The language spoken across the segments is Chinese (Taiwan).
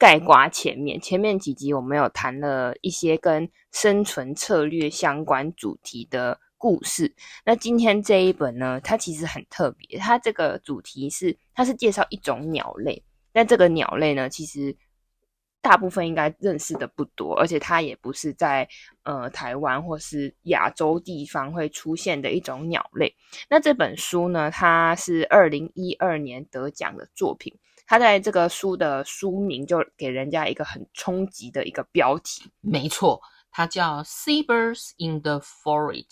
概括前面，前面幾集我們有談了一些跟生存策略相關主題的故事。那今天這一本呢，它其實很特別，它這個主題是它是介紹一種鳥類。那這個鳥類呢，其實大部分應該認識的不多，而且它也不是在呃台灣或是亞洲地方會出現的一種鳥類。那這本書呢，它是二零一二年得獎的作品。他在這個書的書名就給人家一個很衝擊的一個標題，沒錯，它叫《Seabirds in the Forest》，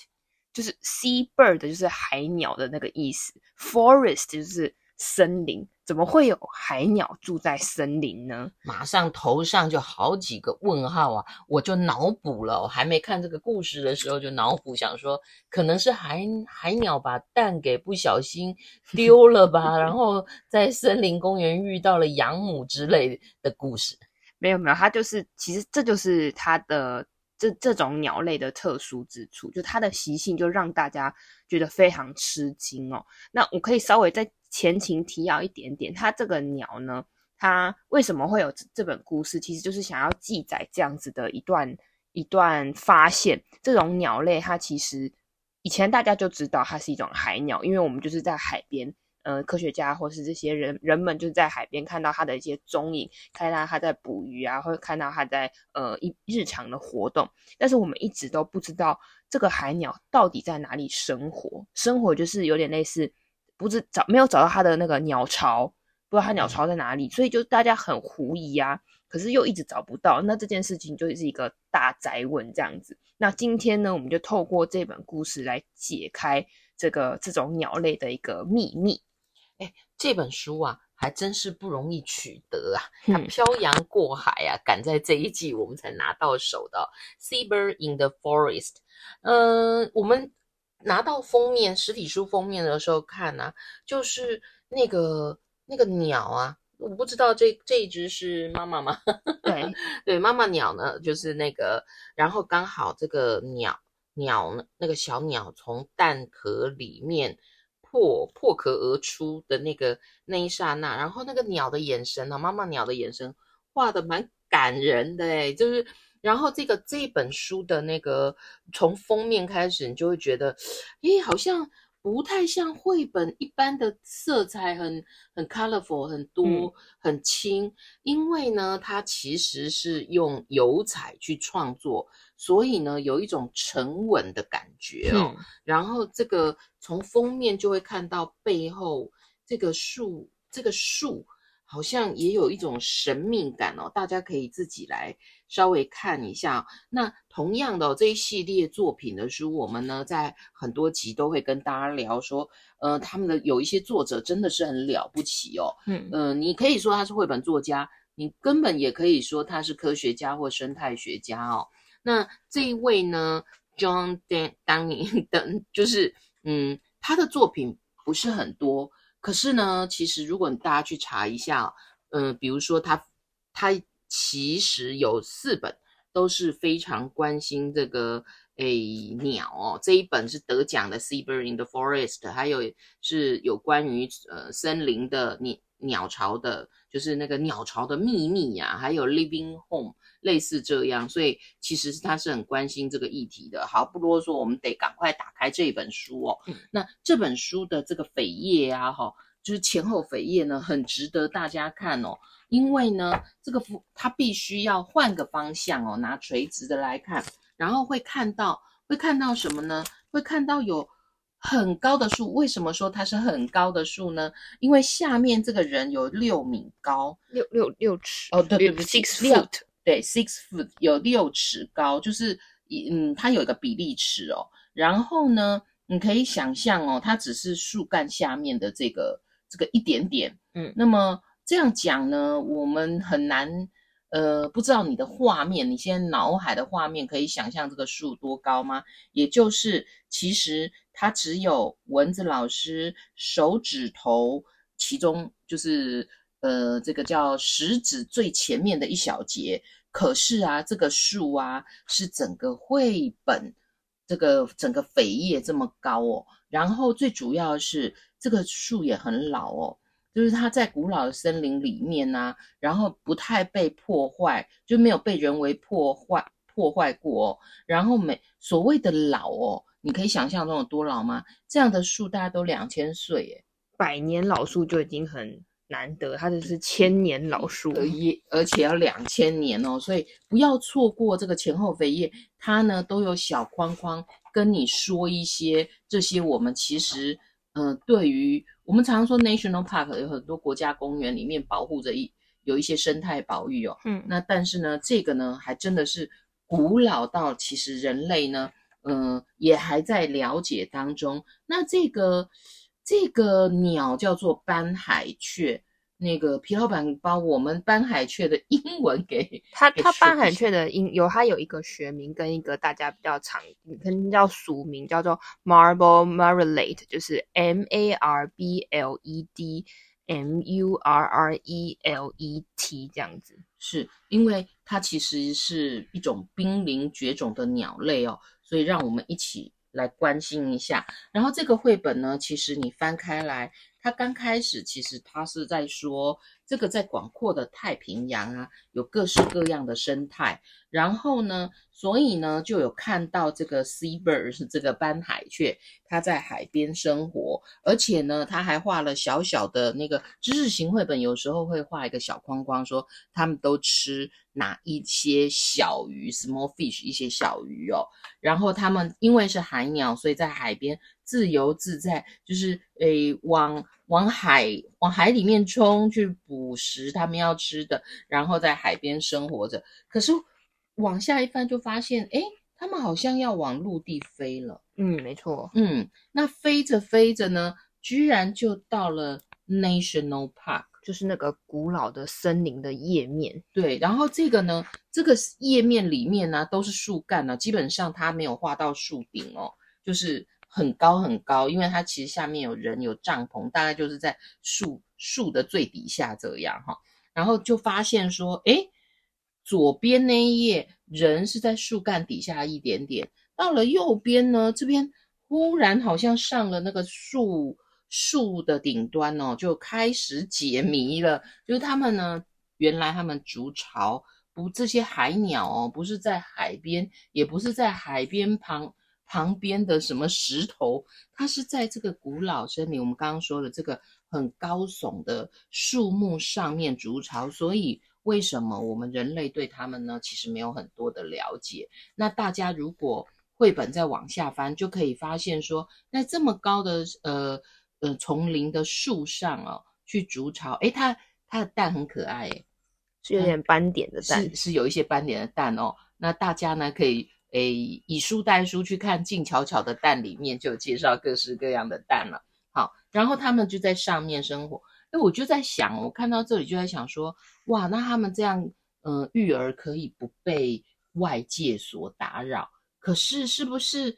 就是 “seabird” 就是海鳥的那個意思，“forest” 就是森林。怎麼會有海鳥住在森林呢？馬上頭上就好幾個問號啊！我就腦補了，我還沒看這個故事的時候就腦補，想說可能是海海鳥把蛋給不小心丟了吧， 然後在森林公園遇到了養母之類的故事。沒有沒有，它就是其實，這就是它的這這種鳥類的特殊之處，就它的習性就讓大家覺得非常吃驚哦。那我可以稍微再。前情提要一點點，它這個鳥呢，它為什麼會有這這本故事？其實就是想要記載這樣子的一段一段發現。這種鳥類，它其實以前大家就知道它是一種海鳥，因為我們就是在海邊，呃，科學家或是這些人人們就是在海邊看到它的一些蹤影，看到它在捕魚啊，或者看到它在呃一日常的活動。但是我們一直都不知道這個海鳥到底在哪裡生活，生活就是有點類似。不是找沒有找到他的那個鳥巢，不知道他鳥巢在哪裡，所以就大家很狐疑啊。可是又一直找不到，那這件事情就是一個大哉問這樣子。那今天呢，我們就透過這本故事來解開這個這種鳥類的一個秘密。哎，這本書啊，還真是不容易取得啊，它漂洋過海啊，趕在這一季我們才拿到手的、哦《Seabird in the Forest》呃。嗯，我們。拿到封面實體書封面的時候看呢、啊，就是那個那個鳥啊，我不知道這這一只是媽媽嗎？對 對，媽媽鳥呢，就是那個，然後剛好這個鳥鳥呢，那個小鳥從蛋殼裡面破破殼而出的那個那一剎那，然後那個鳥的眼神呢、啊，媽媽鳥的眼神畫的蠻感人的、欸、就是。然後這個這本書的那個從封面開始，你就會覺得，誒，好像不太像繪本一般的色彩很，很很 colorful，很多很輕，嗯、因為呢，它其實是用油彩去創作，所以呢，有一種沉穩的感覺哦。嗯、然後這個從封面就會看到背後這個樹，這個樹好像也有一種神秘感哦。大家可以自己來。稍微看一下、哦，那同樣的、哦、這一系列作品的書，我們呢在很多集都會跟大家聊說，呃，他們的有一些作者真的是很了不起哦，嗯、呃、你可以說他是繪本作家，你根本也可以說他是科學家或生態學家哦。那這一位呢、嗯、Joan Dan Dunning，等就是，嗯，他的作品不是很多，可是呢，其實如果大家去查一下，嗯、呃，比如說他他。其實有四本都是非常關心這個誒鳥哦，這一本是得獎的《Seabird in the Forest》，還有是有關於呃森林的鳥鳥巢的，就是那個鳥巢的秘密呀、啊，還有《Living Home》類似這樣，所以其實是他是很關心這個議題的。好，不囉嗦，我們得趕快打開這一本書哦。嗯、那這本書的這個扉頁啊、哦，哈。就是前後扉頁呢，很值得大家看哦，因為呢，這個它必須要換個方向哦，拿垂直的來看，然後會看到會看到什麼呢？會看到有很高的樹。為什麼說它是很高的樹呢？因為下面這個人有六米高，六六六尺哦，對對對，six foot，對，six foot 對，six foot 有六尺高，就是嗯，它有一個比例尺哦。然後呢，你可以想象哦，它只是樹幹下面的這個。這個一點點，嗯，那麼這樣講呢，我們很難，呃，不知道你的畫面，你現在腦海的畫面可以想象這個樹多高嗎？也就是，其實它只有蚊子老師手指頭，其中就是呃，這個叫食指最前面的一小節。可是啊，這個樹啊，是整個繪本這個整個扉頁這麼高哦。然後最主要是。這個樹也很老哦，就是它在古老的森林裡面啊，然後不太被破壞，就沒有被人為破壞破壞過哦。然後每所謂的老哦，你可以想象中有多老嗎？這樣的樹大家都兩千歲哎，百年老樹就已經很難得，它就是千年老樹而已，嗯，而且要兩千年哦，所以不要錯過這個前後扉頁，它呢都有小框框跟你說一些這些我們其實。呃，對於我們常常說 National Park 有很多國家公園，裡面保護着一有一些生態保育哦，嗯，那但是呢，這個呢還真的是古老到其實人類呢，嗯、呃，也還在了解當中。那這個這個鳥叫做斑海雀。那個皮老板把我們斑海雀的英文給他，他斑海雀的英有它有一個學名跟一個大家比較常、肯定叫俗名叫做 Marbled Murrelet 就是 M A R B L E D M U R R E L E T 這樣子。是因為它其實是一種瀕臨絕種的鳥類哦，所以讓我們一起來關心一下。然後這個繪本呢，其實你翻開來。他剛開始，其實他是在說，這個在廣闊的太平洋啊，有各式各樣的生態。然後呢，所以呢，就有看到這個 seabird 是這個斑海雀，它在海邊生活，而且呢，它還畫了小小的那個知識型繪本，有時候會畫一個小框框說，說他們都吃哪一些小魚，small fish 一些小魚哦。然後他們因為是海鳥，所以在海邊自由自在，就是誒、呃，往往海往海裡面衝去捕食他們要吃的，然後在海邊生活着。可是。往下一翻就發現，誒，他們好像要往陸地飛了。嗯，沒錯。嗯，那飛着飛着呢，居然就到了 National Park，就是那個古老的森林的頁面。對，然後這個呢，這個頁面裡面呢、啊，都是樹幹呢、啊，基本上它沒有畫到樹頂哦，就是很高很高，因為它其實下面有人有帳篷，大概就是在樹樹的最底下這樣哈、哦。然後就發現說，誒。左邊那一頁，人是在樹幹底下一點點。到了右邊呢，這邊忽然好像上了那個樹樹的頂端哦，就開始解謎了。就是他們呢，原來他們築巢，不，這些海鳥哦，不是在海邊，也不是在海邊旁旁邊的什麼石頭，它是在這個古老森林，我們剛剛說的這個很高聳的樹木上面築巢，所以。為什麼我們人類對他們呢，其實沒有很多的了解？那大家如果繪本再往下翻，就可以發現說，那這麼高的呃呃叢林的樹上哦，去築巢，誒，它它的蛋很可愛誒，是有點斑點的蛋，是是有一些斑點的蛋哦。那大家呢可以誒以書帶書去看《靜悄悄的蛋》裡面就介紹各式各樣的蛋了。好，然後他們就在上面生活。哎，我就在想，我看到這裡就在想說，哇，那他們這樣，嗯、呃，育兒可以不被外界所打擾，可是是不是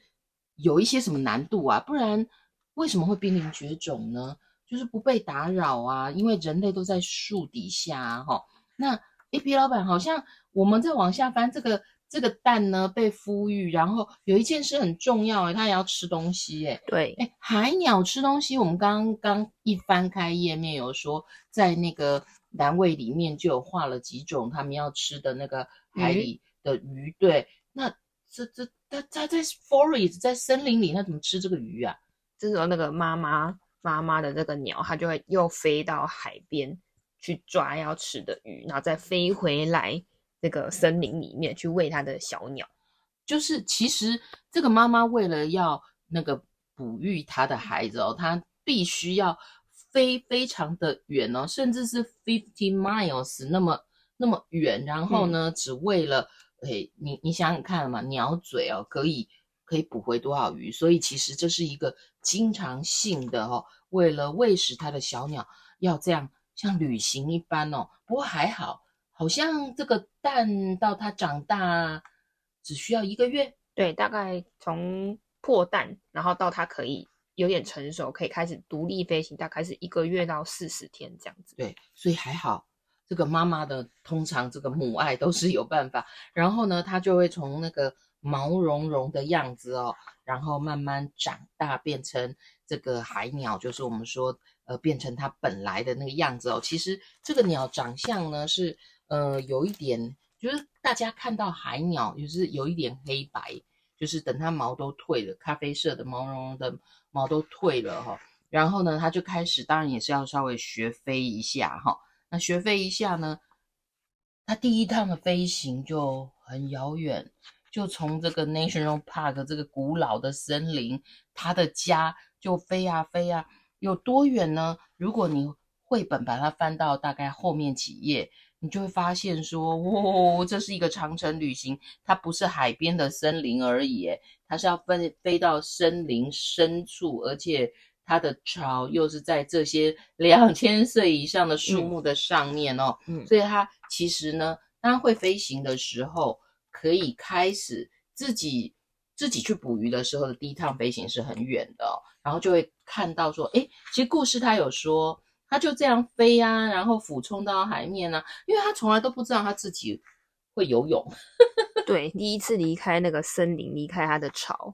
有一些什麼難度啊？不然為什麼會瀕臨絕種呢？就是不被打擾啊，因為人類都在樹底下哈、啊。那哎、欸，皮老板，好像我們在往下翻這個。這個蛋呢，被孵育，然後有一件事很重要，哎，它也要吃東西，哎對，對，海鳥吃東西，我們剛剛一翻開頁面，有說在那個欄位裡面就有畫了幾種它們要吃的那個海裡的魚，嗯、對，那這這它它,它在 forest 在森林裡，它怎麼吃這個魚啊？這個時候那個媽媽媽媽的這個鳥，它就會又飛到海邊去抓要吃的魚，然後再飛回來，這個森林裡面去餵他的小鳥，就是其實這個媽媽為了要那個哺育她的孩子哦，她必須要飛非常的遠哦，甚至是 fifty miles 那麼那麼遠，然後呢，只為了誒、嗯欸，你你想想看嘛，鳥嘴哦可以可以捕回多少魚，所以其實這是一個經常性的哦，為了餵食他的小鳥要這樣像旅行一般哦，不過還好。好像這個蛋到它長大只需要一個月，對，大概從破蛋，然後到它可以有點成熟，可以開始獨立飛行，大概是一個月到四十天這樣子。對，所以還好，這個媽媽的通常這個母愛都是有辦法。然後呢，它就會從那個毛茸茸的樣子哦，然後慢慢長大，變成這個海鳥，就是我們說呃，變成它本來的那個樣子哦。其實這個鳥長相呢，是。呃，有一點，就是大家看到海鳥，就是有一點黑白，就是等它毛都退了，咖啡色的毛茸茸的毛都退了哈、哦，然後呢，它就開始，當然也是要稍微學飛一下哈、哦。那學飛一下呢，它第一趟的飛行就很遙遠，就從這個 National Park 這個古老的森林，它的家就飛啊飛啊，有多遠呢？如果你繪本把它翻到大概後面幾頁。你就會發現說，哦，這是一個長程旅行，它不是海邊的森林而已，它是要飛飛到森林深處，而且它的巢又是在這些兩千歲以上的樹木的上面哦。嗯，所以它其實呢，它會飛行的時候，可以開始自己自己去捕魚的時候的第一趟飛行是很遠的哦，然後就會看到說，哎，其實故事它有說。他就這樣飛啊，然後俯衝到海面啊，因為他從來都不知道他自己會游泳。 對，第一次離開那個森林，離開他的巢。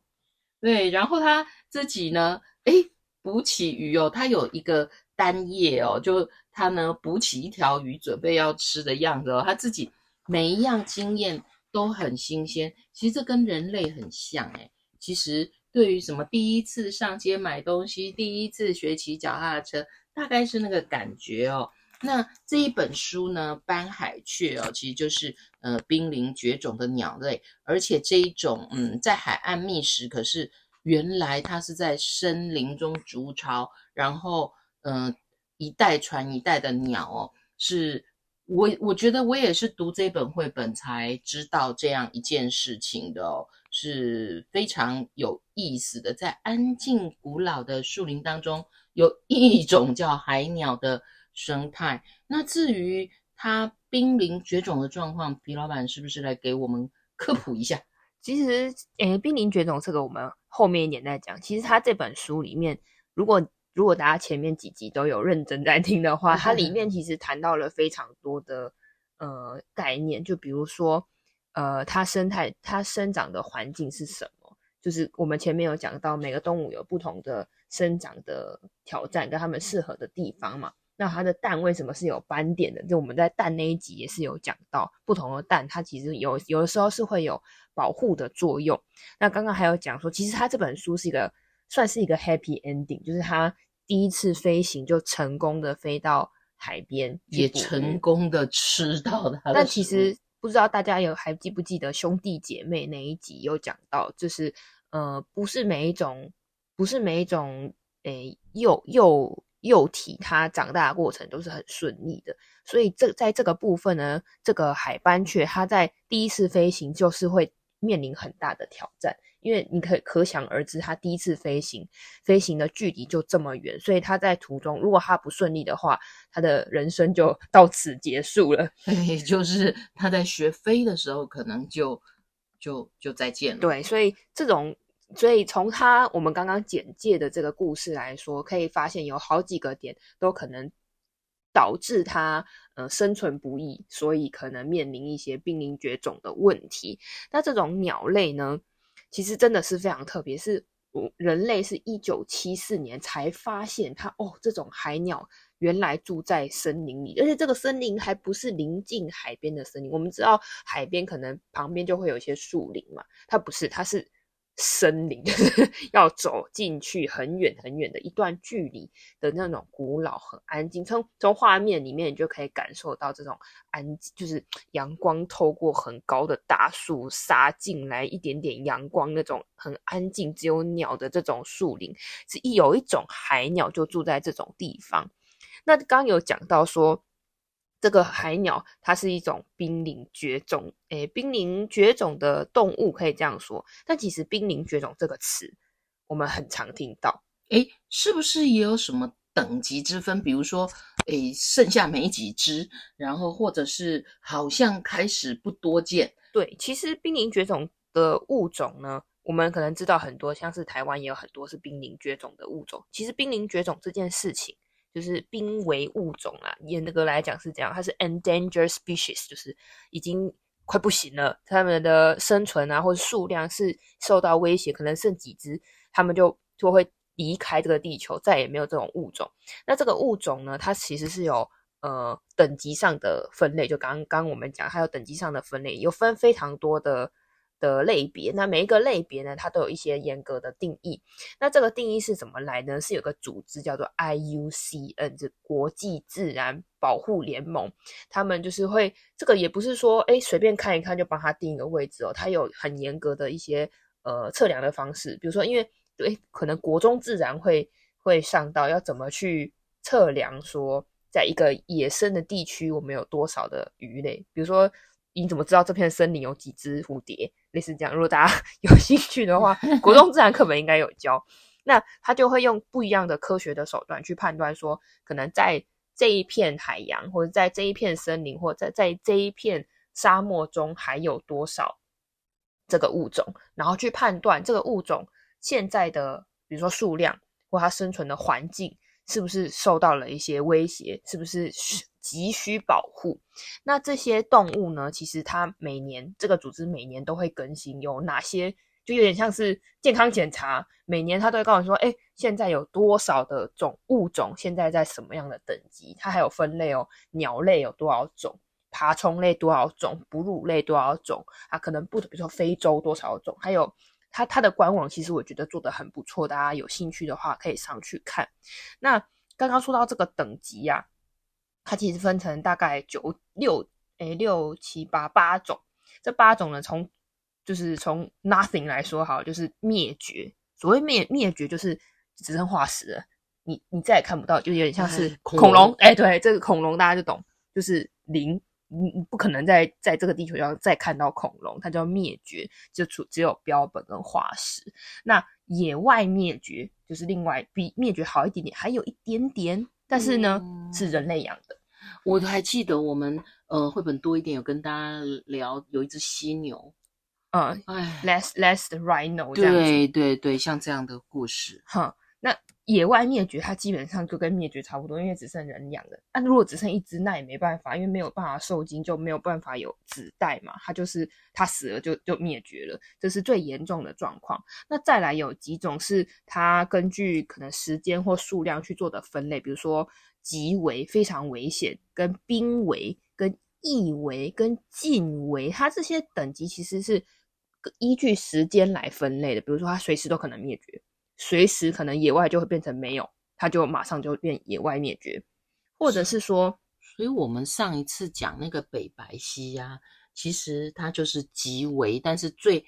對，然後他自己呢，誒，捕起魚哦，他有一個單頁哦，就他呢捕起一條魚，準備要吃的樣子哦，他自己每一樣經驗都很新鮮。其實這跟人類很像哎，其實對於什麼第一次上街買東西，第一次學騎腳踏車。大概是那個感覺哦。那這一本書呢，斑海雀哦，其實就是呃瀕臨絕種的鳥類，而且這一種嗯在海岸覓食，可是原來它是在森林中築巢，然後嗯、呃、一代傳一代的鳥哦，是我我覺得我也是讀這本繪本才知道這樣一件事情的哦，是非常有意思的，在安靜古老的樹林當中。有一種叫海鳥的生態，那至於它瀕臨絕種的狀況，皮老板是不是來給我們科普一下？其實，誒、欸，瀕臨絕種這個我們後面一點再講。其實，它這本書裡面，如果如果大家前面幾集都有認真在聽的話，它是裡面其實談到了非常多的呃概念，就比如說，呃，它生態它生長的環境是什麼？就是我們前面有講到每個動物有不同的。生長的挑戰跟他們適合的地方嘛，那它的蛋為什麼是有斑點的？就我們在蛋那一集也是有講到，不同的蛋它其實有有的時候是會有保護的作用。那剛剛還有講說，其實它這本書是一個算是一個 happy ending，就是它第一次飛行就成功的飛到海邊，也成功的吃到它的。但其實不知道大家有還記不記得兄弟姐妹那一集有講到，就是呃，不是每一種。不是每一種誒、欸、幼幼幼體，它長大的過程都是很順利的。所以這在這個部分呢，這個海斑雀它在第一次飛行就是會面臨很大的挑戰，因為你可以可想而知，它第一次飛行飛行的距離就這麼遠，所以它在途中如果它不順利的話，它的人生就到此結束了。也就是它在學飛的時候，可能就就就再見了。對，所以這種。所以從它我們剛剛簡介的這個故事來說，可以發現有好幾個點都可能導致它，呃，生存不易，所以可能面臨一些瀕臨絕種的問題。那這種鳥類呢，其實真的是非常特別，是人類是一九七四年才發現它哦，這種海鳥原來住在森林裡，而且這個森林還不是臨近海邊的森林。我們知道海邊可能旁邊就會有一些樹林嘛，它不是，它是。森林，就是要走進去很遠很遠的一段距離的那種古老、很安靜，從從畫面裡面你就可以感受到這種安靜，就是陽光透過很高的大樹灑進來一點點陽光，那種很安靜，只有鳥的這種樹林，是一有一種海鳥就住在這種地方。那剛剛有講到說。這個海鳥，它是一種瀕臨絕種，誒，瀕臨絕種的動物，可以這樣說。但其實「瀕臨絕種」這個詞，我們很常聽到。誒，是不是也有什麼等級之分？比如說，誒，剩下沒幾隻，然後或者是好像開始不多見。對，其實瀕臨絕種的物種呢，我們可能知道很多，像是台灣也有很多是瀕臨絕種的物種。其實，瀕臨絕種這件事情。就是瀕危物種啊，嚴格的來講是這樣，它是 endangered species，就是已經快不行了，它們的生存啊或者數量是受到威脅，可能剩幾隻，它們就就會離開這個地球，再也沒有這種物種。那這個物種呢，它其實是有呃等級上的分類，就剛剛我們講它有等級上的分類，有分非常多的。的類別，那每一個類別呢，它都有一些嚴格的定義。那這個定義是怎麼來呢？是有一個組織叫做 IUCN，這國際自然保護聯盟，他們就是會這個也不是說誒，欸，隨便看一看就幫他定一個位置哦，他有很嚴格的一些呃測量的方式，比如說因為哎，欸，可能國中自然會會上到要怎麼去測量說，在一個野生的地區我們有多少的魚類，比如說。你怎麼知道這片森林有幾隻蝴蝶？類似這樣，如果大家有興趣的話，國中自然課本應該有教。 那他就會用不一樣的科學的手段去判斷說，說可能在這一片海洋，或者在這一片森林，或者在在這一片沙漠中，還有多少這個物種，然後去判斷這個物種現在的，比如說數量，或者它生存的環境是不是受到了一些威脅，是不是？急需保護。那這些動物呢？其實它每年這個組織每年都會更新有哪些，就有點像是健康檢查。每年它都會告訴你說，哎，現在有多少的種物種，現在在什麼樣的等級？它還有分類哦，鳥類有多少種，爬蟲類多少種，哺乳類多少種啊？可能不，比如說非洲多少種，還有它它的官網，其實我覺得做得很不錯。大家有興趣的話可以上去看。那剛剛說到這個等級呀、啊。它其實分成大概九六誒、六七八八種，這八種呢，從就是從 nothing 來說好，就是滅絕。所謂滅滅絕，就是只剩化石了，你你再也看不到，就有點像是恐龍。哎、嗯嗯欸，對，這個恐龍大家就懂，就是零，你你不可能在在這個地球上再看到恐龍，它叫滅絕，就除只有標本跟化石。那野外滅絕就是另外比滅絕好一點點，還有一點點，但是呢，嗯、是人類養的。我還記得我們呃繪本多一點，有跟大家聊有一只犀牛，呃嗯、唉、less, less rhino 這樣子。對對對，像這樣的故事。哈，那野外滅絕它基本上就跟滅絕差不多，因為只剩人養了。那、啊、如果只剩一只，那也沒辦法，因為沒有辦法受精，就沒有辦法有子代嘛。它就是它死了就就滅絕了，這是最嚴重的狀況。那再來有幾種是它根據可能時間或數量去做的分類，比如說。極危非常危險，跟瀕危、跟易危、跟近危，它這些等級其實是依據時間來分類的。比如說，它隨時都可能滅絕，隨時可能野外就會變成沒有，它就馬上就變野外滅絕，或者是說，所以，所以我們上一次講那個北白犀呀、啊，其實它就是極危，但是最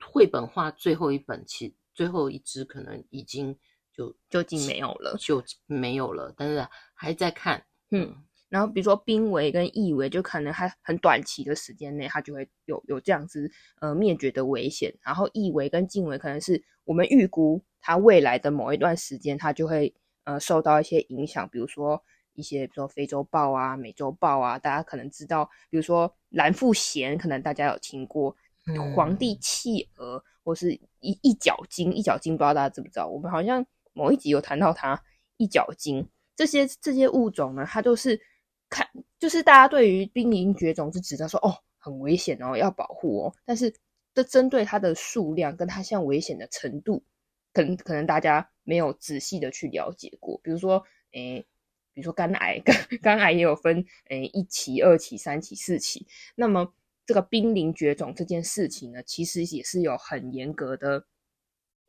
繪本畫最後一本，其最後一隻可能已經。就就近沒有了，就，就沒有了。但是、啊、還是在看，嗯。然後比如說瀕危跟易危，就可能還很短期的時間內，它就會有有這樣子呃滅絕的危險。然後易危跟近危，可能是我們預估它未來的某一段時間，它就會呃受到一些影響。比如說一些，比如說非洲豹啊、美洲豹啊，大家可能知道，比如說藍腹鷳，可能大家有聽過，皇帝企鵝，或是一一角鯨、一角鯨，一角不知道大家知不知道，我們好像。某一集有談到它一角鯨，這些這些物種呢，它都、就是看，就是大家對於瀕臨絕種是指的說哦，很危險哦，要保護哦，但是這針對它的數量跟它現在危險的程度，可能可能大家沒有仔細的去了解過，比如說誒、欸，比如說肝癌肝肝癌也有分誒、欸、一期、二期、三期、四期，那麼這個瀕臨絕種這件事情呢，其實也是有很嚴格的。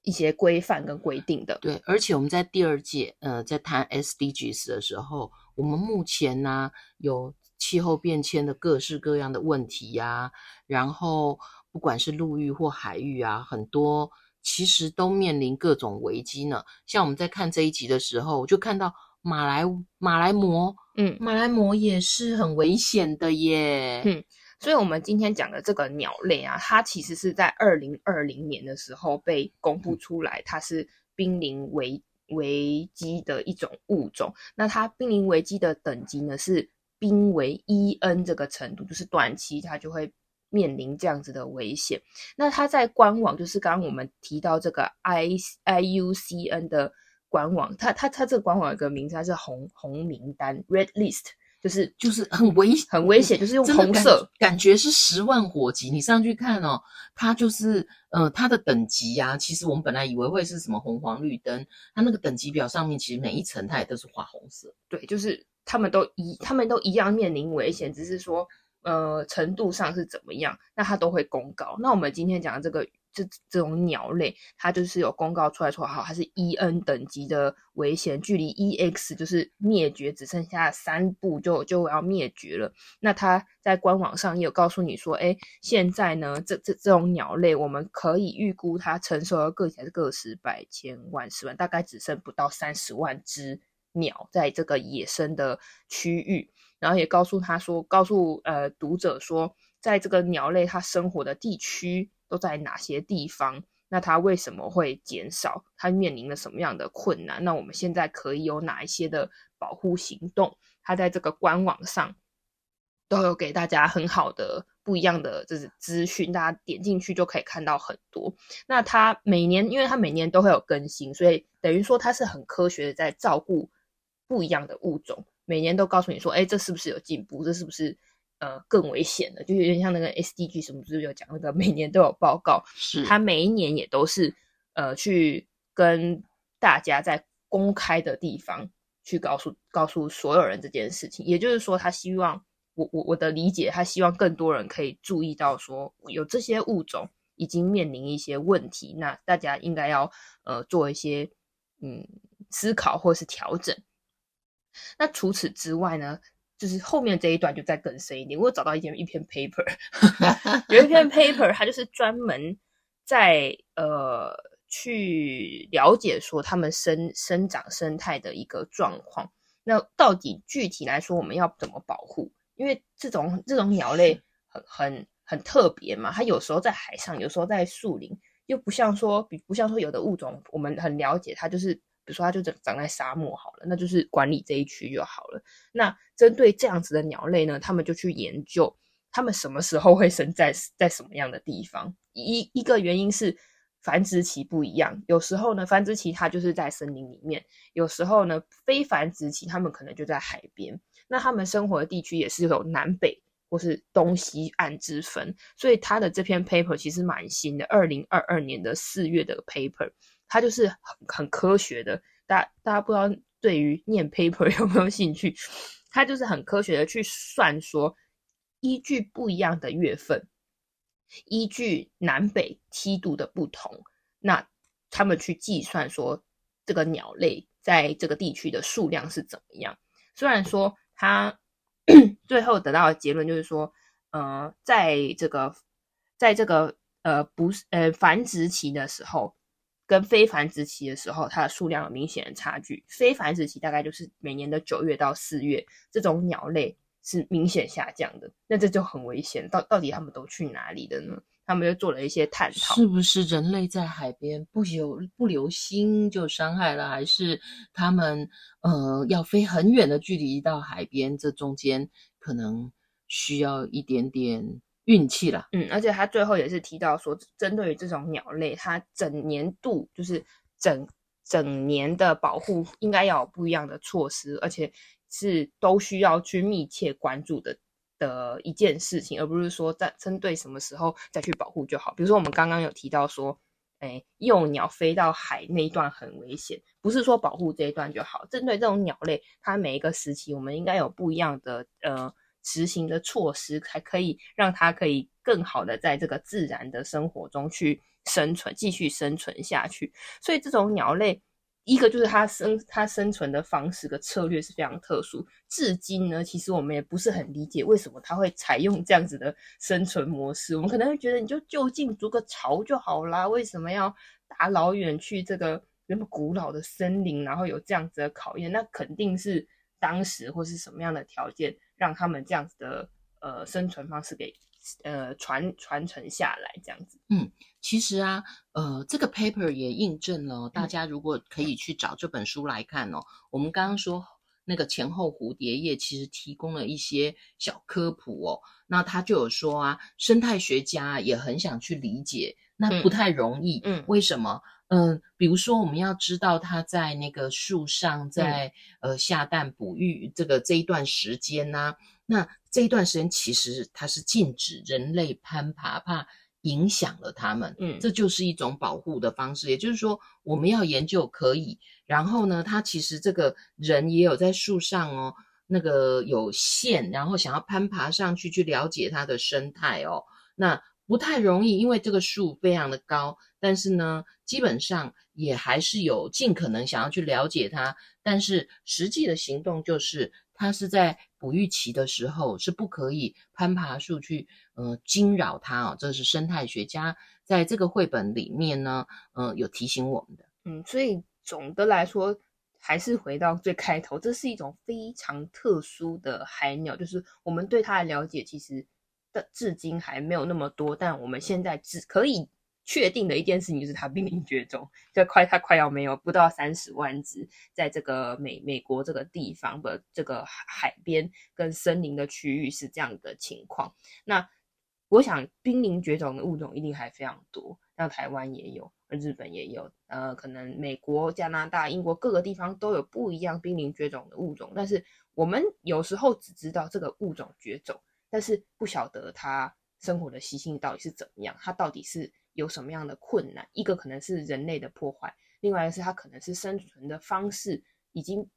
一些規範跟規定的，對，而且我們在第二季，呃，在談 SDGs 的時候，我們目前呢、啊、有氣候變遷的各式各樣的問題呀、啊，然後不管是陸域或海域啊，很多其實都面臨各種危機呢。像我們在看這一集的時候，我就看到馬來馬來貘，嗯，馬來貘也是很危險的耶。嗯。所以，我們今天講的這個鳥類啊，它其實是在二零二零年的時候被公布出來，它是瀕臨危危機的一種物種。那它瀕臨危機的等級呢，是瀕危 EN 這個程度，就是短期它就會面臨這樣子的危險。那它在官網，就是剛剛我們提到這個 I IUCN 的官網，它它它這個官網有一個名字，它是紅紅名單 Red List。就是就是很危很危險，就是用紅色感，感覺是十萬火急。你上去看哦，它就是呃它的等級呀。其實我們本來以為會是什麼紅黃綠燈，它那個等級表上面其實每一層它也都是畫紅色。對，就是他們都一他們都一樣面臨危險，只是說呃程度上是怎麼樣，那它都會公告。那我們今天講的這個。這這種鳥類，它就是有公告出來說好，它是 E N 等級的危險，距離 E X 就是滅絕只剩下三步就，就就要滅絕了。那它在官網上也有告訴你說，哎，現在呢，這這這種鳥類，我們可以預估它成熟的個體還是個十百千萬十萬，大概只剩不到三十萬只鳥在這個野生的區域。然後也告訴他說，告訴呃讀者說，在這個鳥類它生活的地區。都在哪些地方？那它為什麼會減少？它面臨了什麼樣的困難？那我們現在可以有哪一些的保護行動？它在這個官網上都有給大家很好的、不一樣的就是資訊，大家點進去就可以看到很多。那它每年，因為它每年都會有更新，所以等於說它是很科學的在照顧不一樣的物種。每年都告訴你說，哎，這是不是有進步？這是不是？呃，更危險的，就有點像那個 SDG 什麼之類，講那個每年都有報告，是他每一年也都是呃去跟大家在公開的地方去告訴告訴所有人這件事情。也就是說，他希望我我我的理解，他希望更多人可以注意到說，有這些物種已經面臨一些問題，那大家應該要呃做一些嗯思考或是調整。那除此之外呢？就是後面這一段就再更深一點。我找到一篇一篇 paper， 有一篇 paper，它就是專門在呃去了解說它們生生長生態的一個狀況。那到底具體來說，我們要怎麼保護？因為這種這種鳥類很很很特別嘛，它有時候在海上，有時候在樹林，又不像說比不像說有的物種，我們很了解它，就是。說它就長在沙漠好了，那就是管理這一區就好了。那針對這樣子的鳥類呢，他們就去研究他們什麼時候會生在在什麼樣的地方。一一個原因是繁殖期不一樣，有時候呢繁殖期它就是在森林裡面，有時候呢非繁殖期它們可能就在海邊。那它們生活的地區也是有南北或是東西岸之分，所以它的這篇 paper 其實蠻新的，二零二二年的四月的 paper。他就是很很科學的，大家大家不知道對於念 paper 有沒有興趣？他就是很科學的去算說，依據不一樣的月份，依據南北梯度的不同，那他們去計算說這個鳥類在這個地區的數量是怎麼樣。雖然說他 最後得到的結論就是說，呃，在這個在這個呃不是呃繁殖期的時候。跟非繁殖期的時候，它的數量有明顯的差距。非繁殖期大概就是每年的九月到四月，這種鳥類是明顯下降的。那這就很危險，到到底他們都去哪裡了呢？他們又做了一些探討，是不是人類在海邊不留不留心就傷害了，還是他們呃要飛很遠的距離到海邊，這中間可能需要一點點。運氣了，嗯，而且他最後也是提到說，針對於這種鳥類，它整年度就是整整年的保護應該要有不一樣的措施，而且是都需要去密切關注的的一件事情，而不是說在針對什麼時候再去保護就好。比如說我們剛剛有提到說，誒、欸、幼鳥飛到海那一段很危險，不是說保護這一段就好。針對這種鳥類，它每一個時期我們應該有不一樣的呃。執行的措施才可以讓它可以更好的在這個自然的生活中去生存，繼續生存下去。所以，這種鳥類，一個就是它生它生存的方式和策略是非常特殊。至今呢，其實我們也不是很理解為什麼它會採用這樣子的生存模式。我們可能會覺得，你就就近築個巢就好啦。為什麼要大老遠去這個那麼古老的森林，然後有這樣子的考驗？那肯定是當時或是什麼樣的條件，讓他們這樣子的呃生存方式給呃，傳傳承下來，這樣子。嗯，其實啊，呃，這個 paper 也印證了，大家如果可以去找這本書來看哦，嗯、我們剛剛說那個前後蝴蝶頁其實提供了一些小科普哦，那他就有說啊，生態學家也很想去理解，那不太容易，嗯，嗯為什麼？嗯、呃，比如說我們要知道它在那個樹上在、嗯、呃下蛋哺育這個這一段時間吶、啊，那這一段時間其實它是禁止人類攀爬，怕影響了它們。嗯，這就是一種保護的方式。也就是說，我們要研究可以。然後呢，它其實這個人也有在樹上哦，那個有線，然後想要攀爬上去去了解它的生態哦，那。不太容易，因為這個樹非常的高，但是呢，基本上也還是有盡可能想要去了解它。但是實際的行動就是，它是在哺育期的時候是不可以攀爬樹去，呃，驚擾它哦。這是生態學家在這個繪本裡面呢，嗯、呃，有提醒我們的。嗯，所以總的來說，還是回到最開頭，這是一種非常特殊的海鳥，就是我們對它的了解其實。的至今還沒有那麼多，但我們現在只可以確定的一件事情就是它瀕臨絕種，就快它快要沒有，不到三十萬隻，在這個美美國這個地方的這個海邊跟森林的區域是這樣的情況。那我想瀕臨絕種的物種一定還非常多，像臺灣也有，日本也有，呃，可能美國、加拿大、英國各個地方都有不一樣瀕臨絕種的物種，但是我們有時候只知道這個物種絕種。但是不曉得它生活的習性到底是怎麼樣，它到底是有什麼樣的困難？一個可能是人類的破壞，另外一個是它可能是生存的方式已經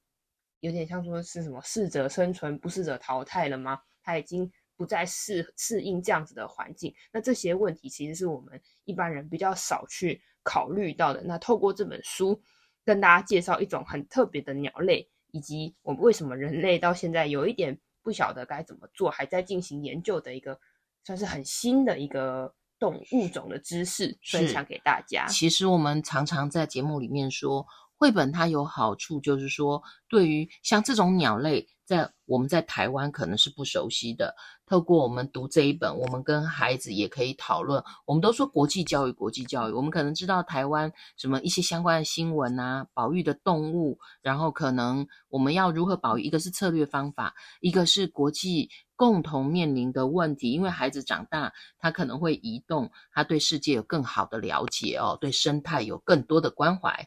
有點像說是什麼適者生存，不適者淘汰了嗎？它已經不再適適應這樣子的環境。那這些問題其實是我們一般人比較少去考慮到的。那透過這本書跟大家介紹一種很特別的鳥類，以及我們為什麼人類到現在有一點。不曉得該怎麼做，還在進行研究的一個，算是很新的一個動物種的知識分享給大家。其實我們常常在節目裡面說。繪本它有好處，就是說，對於像這種鳥類，在我們在台灣可能是不熟悉的。透過我們讀這一本，我們跟孩子也可以討論。我們都說國際教育，國際教育。我們可能知道台灣什麼一些相關的新聞啊，保育的動物，然後可能我們要如何保育，一個是策略方法，一個是國際共同面臨的問題。因為孩子長大，他可能會移動，他對世界有更好的了解哦，對生態有更多的關懷。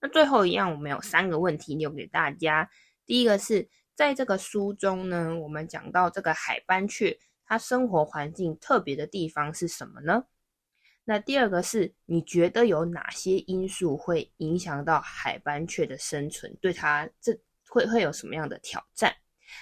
那最後一樣，我們有三個問題留給大家。第一個是在這個書中呢，我們講到這個海斑雀，它生活環境特別的地方是什麼呢？那第二個是你覺得有哪些因素會影響到海斑雀的生存，對它這會會有什麼樣的挑戰？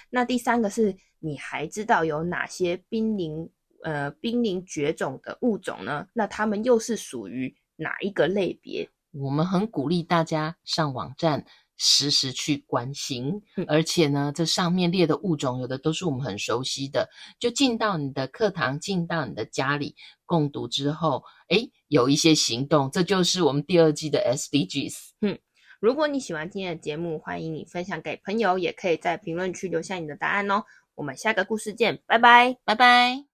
那第三個是，你還知道有哪些瀕臨呃瀕臨絕種的物種呢？那它們又是屬於哪一個類別？我們很鼓勵大家上網站時時去關心，而且呢，這上面列的物種有的都是我們很熟悉的，就進到你的課堂，進到你的家裡，共讀之後，誒，有一些行動，這就是我們第二季的 SDGs。嗯。如果你喜歡今天的節目，歡迎你分享給朋友，也可以在評論區留下你的答案哦。我們下個故事見，拜拜，拜拜。